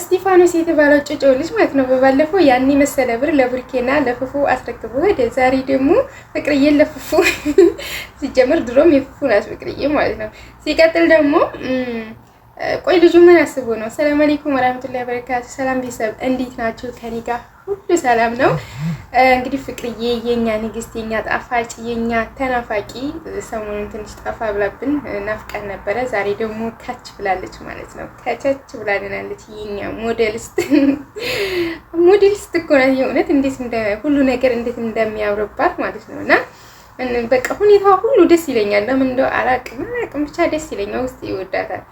እስጢፋኖስ የተባለው ጨጨው ልጅ ማለት ነው። በባለፈው ያን መሰለ ብር ለቡርኬና ለፍፉ አስረክቦ ሄደ። ዛሬ ደግሞ ፍቅርዬን ለፍፉ ሲጀምር ድሮም የፍፉ ናት ፍቅርዬ ማለት ነው። ሲቀጥል ደግሞ ቆይ ልጁ ምን ያስቡ ነው? ሰላም አለይኩም ወራህመቱላሂ ወበረካቱ። ሰላም ቤተሰብ እንዴት ናችሁ? ከኔ ጋር ሁሉ ሰላም ነው። እንግዲህ ፍቅርዬ የኛ ንግስት፣ የኛ ጣፋጭ፣ የኛ ተናፋቂ ሰሞኑን ትንሽ ጠፋ ብላብን ናፍቀን ነበረ። ዛሬ ደግሞ ከች ብላለች ማለት ነው። ከቸች ብላለናለች። የኛ ሞዴልስት ሞዴልስት እኮ ናት የእውነት። እንዴት እንደ ሁሉ ነገር እንዴት እንደሚያምርባት ማለት ነው እና በቃ ሁኔታ ሁሉ ደስ ይለኛል። ለምን እንደው አላቅም አላቅም፣ ብቻ ደስ ይለኛል። ውስጥ ይወዳታል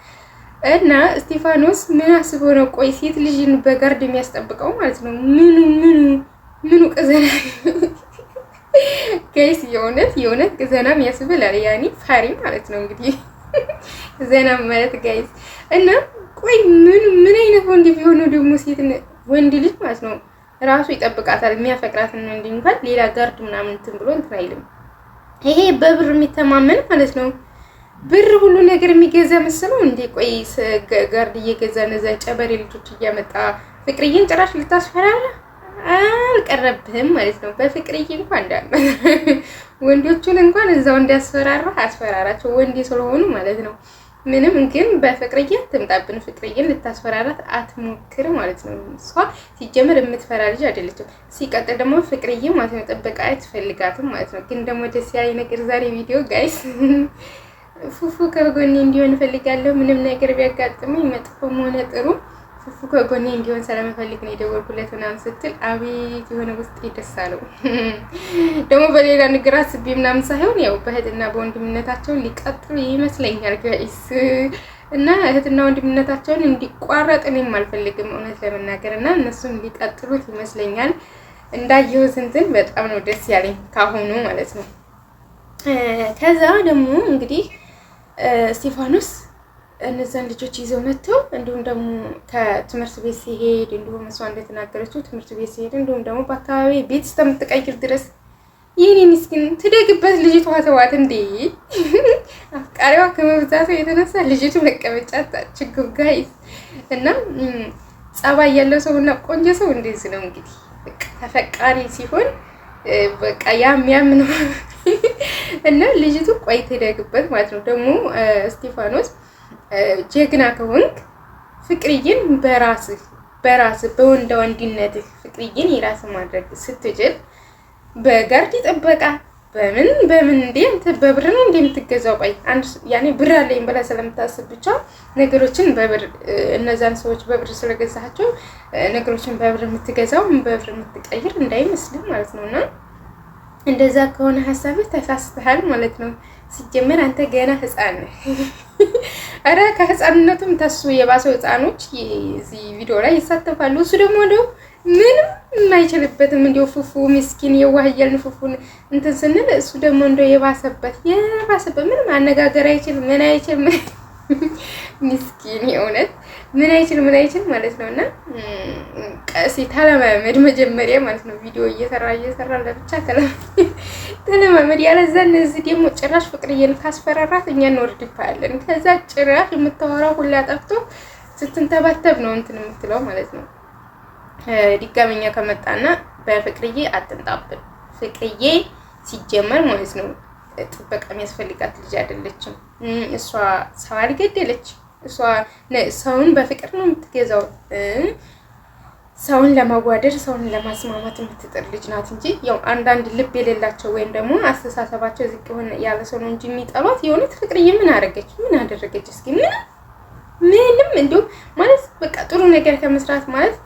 እና እስጢፋኖስ ምን አስቦ ነው? ቆይ ሴት ልጅን በጋርድ የሚያስጠብቀው ማለት ነው? ምኑ ምኑ ምኑ ቅዘና ገይስ፣ የእውነት የእውነት ቅዘናም ያስብላል። ያኔ ፋሪ ማለት ነው እንግዲህ ዘናም ማለት ጋይስ። እና ቆይ ምን ምን አይነት ወንድ ቢሆነው ደግሞ ሴት ወንድ ልጅ ማለት ነው ራሱ ይጠብቃታል። የሚያፈቅራትን ወንድ እንኳን ሌላ ጋርድ ምናምን እንትን ብሎ እንትን አይልም። ይሄ በብር የሚተማመን ማለት ነው ብር ሁሉ ነገር የሚገዛ መሰለው እንዴ? ቆይ ጋርድ እየገዛ ነዛ ጨበሬ ልጆች እያመጣ ፍቅርዬን ጭራሽ ልታስፈራራ አልቀረብህም ማለት ነው። በፍቅርዬ እንኳን እንዳለ ወንዶቹን እንኳን እዛው እንዲያስፈራራ አስፈራራቸው፣ ወንዴ ስለሆኑ ማለት ነው። ምንም ግን በፍቅርዬ ተምጣብን ፍቅርዬን ልታስፈራራት አትሞክር ማለት ነው። እሷ ሲጀመር የምትፈራ ልጅ አይደለችም። ሲቀጥል ደግሞ ፍቅርዬ ማለት ነው ጥበቃ አትፈልጋትም ማለት ነው። ግን ደግሞ ደስ ያለኝ ነገር ዛሬ ቪዲዮ ጋይስ ፉፉ ከጎኔ እንዲሆን እፈልጋለሁ። ምንም ነገር ቢያጋጥመኝ መጥፎም ሆነ ጥሩ ፉፉ ከጎኔ እንዲሆን ስለምፈልግ ነው የደወልኩለት ምናምን ስትል አቤት የሆነ ውስጤ ደስ አለው። ደግሞ በሌላ ንግር አስቤ ምናምን ሳይሆን ያው በእህትና በወንድምነታቸውን ሊቀጥሉ ይመስለኛል ጋይስ እና እህትና ወንድምነታቸውን እንዲቋረጥ እኔም አልፈልግም እውነት ለመናገር እና እነሱም ሊቀጥሉት ይመስለኛል። እንዳየሁ ስንትን በጣም ነው ደስ ያለኝ ካሁኑ ማለት ነው። ከዛ ደግሞ እንግዲህ እስቴፋኖስ እነዛን ልጆች ይዘው መጥተው እንዲሁም ደግሞ ከትምህርት ቤት ሲሄድ እንዲሁም እሷ እንደተናገረችው ትምህርት ቤት ሲሄድ እንዲሁም ደግሞ በአካባቢ ቤት እስከምትቀይር ድረስ ይህን ምስኪን ትደግበት ልጅቷ ተዋት እንዴ! አፍቃሪዋ ከመብዛቱ የተነሳ ልጅቱ መቀመጫ ችግር ጋይ እና ጸባይ ያለው ሰው እና ቆንጆ ሰው እንደዚህ ነው እንግዲህ ተፈቃሪ ሲሆን በቃ ያ ያም ነው እና ልጅቱ ቆይ ትደግበት ማለት ነው። ደግሞ እስጢፋኖስ ጀግና ከሆንክ ፍቅርዬን በራስህ በራስህ በወንደ ወንዲነትህ ፍቅርዬን የራስህ ማድረግ ስትችል በጋርድ ጥበቃ በምን በምን እንዴ በብር ነው እንዴ የምትገዛው? ቆይ አንድ ያኔ ብር አለኝ ብላ ስለምታስብ ብቻ ነገሮችን በብር እነዛን ሰዎች በብር ስለገዛቸው ነገሮችን በብር የምትገዛው በብር የምትቀይር እንዳይመስልህ ማለት ነው። እና እንደዛ ከሆነ ሀሳብህ ተሳስተሃል ማለት ነው። ሲጀመር አንተ ገና ህፃን ነህ። አረ ከህፃንነቱም ተሱ የባሰው ህፃኖች እዚህ ቪዲዮ ላይ ይሳተፋሉ። እሱ ደግሞ ነው። ምንም የማይችልበትም እንዲሁ ፉፉ ምስኪን የዋህ እያልን ፉፉን እንትን ስንል እሱ ደግሞ እንደ የባሰበት የባሰበት ምንም አነጋገር አይችል ምን አይችል ምስኪን የእውነት ምን አይችል ምን አይችል ማለት ነው። እና ቀሲ ተለማመድ መጀመሪያ ማለት ነው። ቪዲዮ እየሰራ እየሰራ ለብቻ ተለማመድ። ያለዛ እነዚህ ደግሞ ጭራሽ ፍቅርዬን ካስፈራራት እኛ እንወርድባለን። ከዛ ጭራሽ የምታወራው ሁላ ጠፍቶ ስትንተባተብ ነው እንትን የምትለው ማለት ነው። ድጋሚኛ ከመጣና በፍቅርዬ አትምጣብን። ፍቅርዬ ሲጀመር ማለት ነው ጥበቃ የሚያስፈልጋት ልጅ አይደለችም። እሷ ሰው አልገደለች። እሷ ሰውን በፍቅር ነው የምትገዛው። ሰውን ለማዋደድ ሰውን ለማስማማት የምትጥር ልጅ ናት እንጂ ያው አንዳንድ ልብ የሌላቸው ወይም ደግሞ አስተሳሰባቸው ዝቅ ሆነ ያለ ሰው ነው እንጂ የሚጠሏት። የሆነት ፍቅርዬ ምን አደረገች? ምን አደረገች? እስኪ ምንም ምንም እንዲሁም ማለት በቃ ጥሩ ነገር ከመስራት ማለት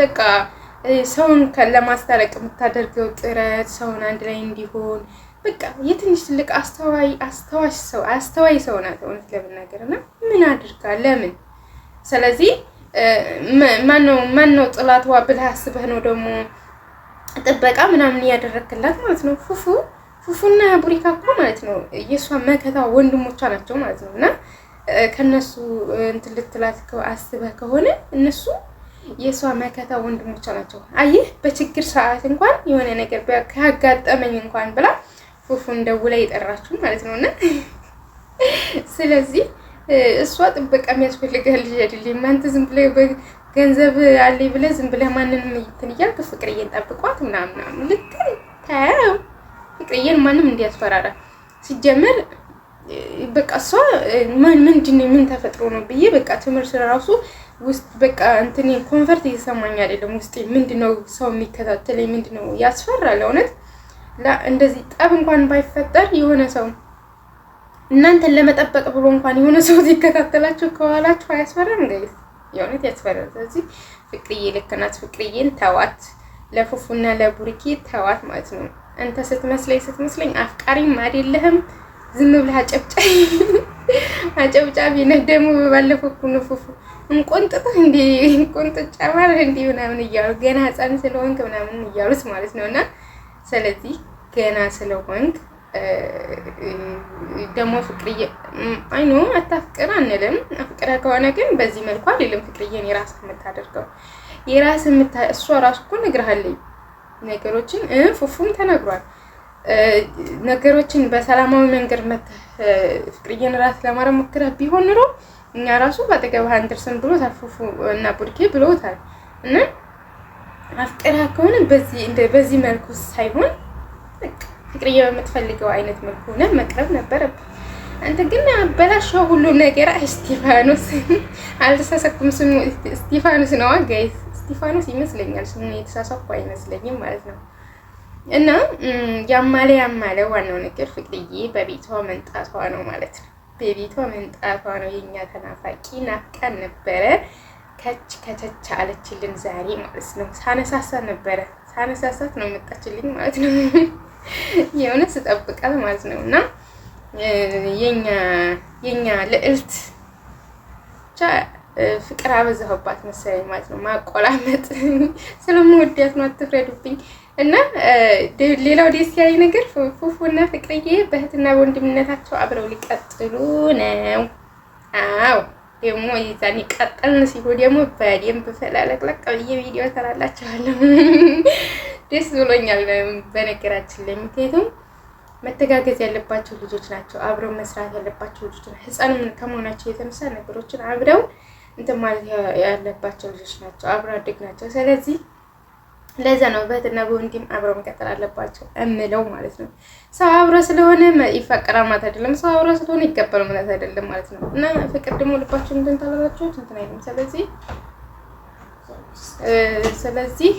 በቃ ሰውን ለማስታረቅ የምታደርገው ጥረት ሰውን አንድ ላይ እንዲሆን በቃ የትንሽ ትልቅ አስተዋይ አስተዋሽ ሰው አስተዋይ ሰው ናት እውነት ለመናገር እና ምን አድርጋ ለምን ስለዚህ ማነው ማነው ጥላትዋ ብለህ አስበህ ነው ደግሞ ጥበቃ ምናምን እያደረግክላት ማለት ነው ፉፉ ፉፉና ቡሪካ እኮ ማለት ነው የእሷ መከታ ወንድሞቿ ናቸው ማለት ነው እና ከነሱ እንትን ልትላት አስበህ ከሆነ እነሱ የእሷ መከታ ወንድሞች አላቸው። አየህ በችግር ሰዓት እንኳን የሆነ ነገር ካጋጠመኝ እንኳን ብላ ፉፉ እንደውላ የጠራችሁ ማለት ነው። እና ስለዚህ እሷ ጥበቃ የሚያስፈልግህ ልጅ አይደለም። አንተ ዝም ብለህ ገንዘብ አለኝ ብለህ ዝም ብለህ ማንንም እንትን እያልክ ፍቅርዬን ጠብቋት ምናምን ልክ ታያው። ፍቅርዬን ማንም እንዲያስፈራራ ሲጀመር በቃ እሷ ምንድን ምን ተፈጥሮ ነው ብዬ በቃ ትምህርት ራሱ ውስጥ በቃ እንትኔ ኮንፈርት እየሰማኝ አይደለም። ውስጤ ምንድነው ሰው የሚከታተለኝ ምንድነው? ያስፈራል እውነት። እንደዚህ ጠብ እንኳን ባይፈጠር የሆነ ሰው እናንተን ለመጠበቅ ብሎ እንኳን የሆነ ሰው ሲከታተላችሁ ከኋላችሁ አያስፈራም? ጋይስ የእውነት ያስፈራል። ስለዚህ ፍቅርዬ ልክ ናት። ፍቅርዬን ተዋት፣ ለፉፉና ለቡርኬ ተዋት ማለት ነው። እንተ ስትመስለኝ ስትመስለኝ አፍቃሪም አይደለህም። ዝም ብለህ አጨብጫይ አጨብጫቢ ነህ ደግሞ። በባለፈው እኮ ነው ፉፉ እንቆንጥጥ እንዲ እንቆንጥጫ ማለት እንዲ ምናምን እያሉ ገና ሕፃን ስለሆንክ ምናምን እያሉት ማለት ነው። እና ስለዚህ ገና ስለሆንክ ደግሞ ፍቅርዬ አይኖ አታፍቅር አንልም። ፍቅራ ከሆነ ግን በዚህ መልኩ አልልም። ፍቅርዬን የራስ የምታደርገው የራስ እሷ ራሱ እኮ ነግርሃለኝ ነገሮችን ፉፉም ተናግሯል። ነገሮችን በሰላማዊ መንገድ መተህ ፍቅርዬን ራስ ለማድረግ ሞክረህ ቢሆን ኑሮ እኛ ራሱ በአጠገብ አንደርስን ብሎ ታፉፉ እና ቡድኬ ብሎታል። እና አፍቅራ ከሆነ በዚህ መልኩ ሳይሆን ፍቅርዬ በምትፈልገው አይነት መልኩ ሆነ መቅረብ ነበረብህ። አንተ ግን አበላሸው ሁሉ ነገር። እስጢፋኖስ አልተሳሳኩም፣ ስሙ እስጢፋኖስ ነዋ ጋይስ። እስጢፋኖስ ይመስለኛል ስሙ፣ የተሳሳኩ አይመስለኝም ማለት ነው። እና ያማለ ያማለ ዋናው ነገር ፍቅርዬ በቤቷ መንጣቷ ነው ማለት ነው። በቤቷ መንጣቷ ነው የኛ ተናፋቂ ናፍቃን ነበረ። ከች ከተች አለችልን ዛሬ ማለት ነው። ሳነሳሳት ነበረ ሳነሳሳት ነው መጣችልኝ ማለት ነው። የሆነ ስጠብቃት ማለት ነው። እና የኛ ልዕልት ብቻ ፍቅር አበዛሁባት መሰለኝ ማለት ነው። ማቆላመጥ ስለምወዳት ነው። አትፍረዱብኝ። እና ሌላው ደስ ያለኝ ነገር ፉፉ እና ፍቅርዬ በእህትና በወንድምነታቸው አብረው ሊቀጥሉ ነው። አዎ ደግሞ ይዛን ይቀጥልን ሲሉ ደግሞ በደንብ ፈላለቅለቅ ብዬ ቪዲዮ ሰራላችኋለሁ። ደስ ብሎኛል። በነገራችን ላይ ምክንያቱም መተጋገዝ ያለባቸው ልጆች ናቸው። አብረው መስራት ያለባቸው ልጆች ናቸው። ሕፃንም ከመሆናቸው የተነሳ ነገሮችን አብረው እንትን ማለት ያለባቸው ልጆች ናቸው። አብረው አደግ ናቸው። ስለዚህ ለዛ ነው በእህትና በወንድም አብሮ መቀጠል አለባቸው እምለው ማለት ነው። ሰው አብረ ስለሆነ ይፈቀራል ማለት አይደለም። ሰው አብረ ስለሆነ ይገባል ማለት አይደለም ማለት ነው። እና ፍቅር ደግሞ ልባቸው እንትን ታላላቸው እንትን አይልም። ስለዚህ ስለዚህ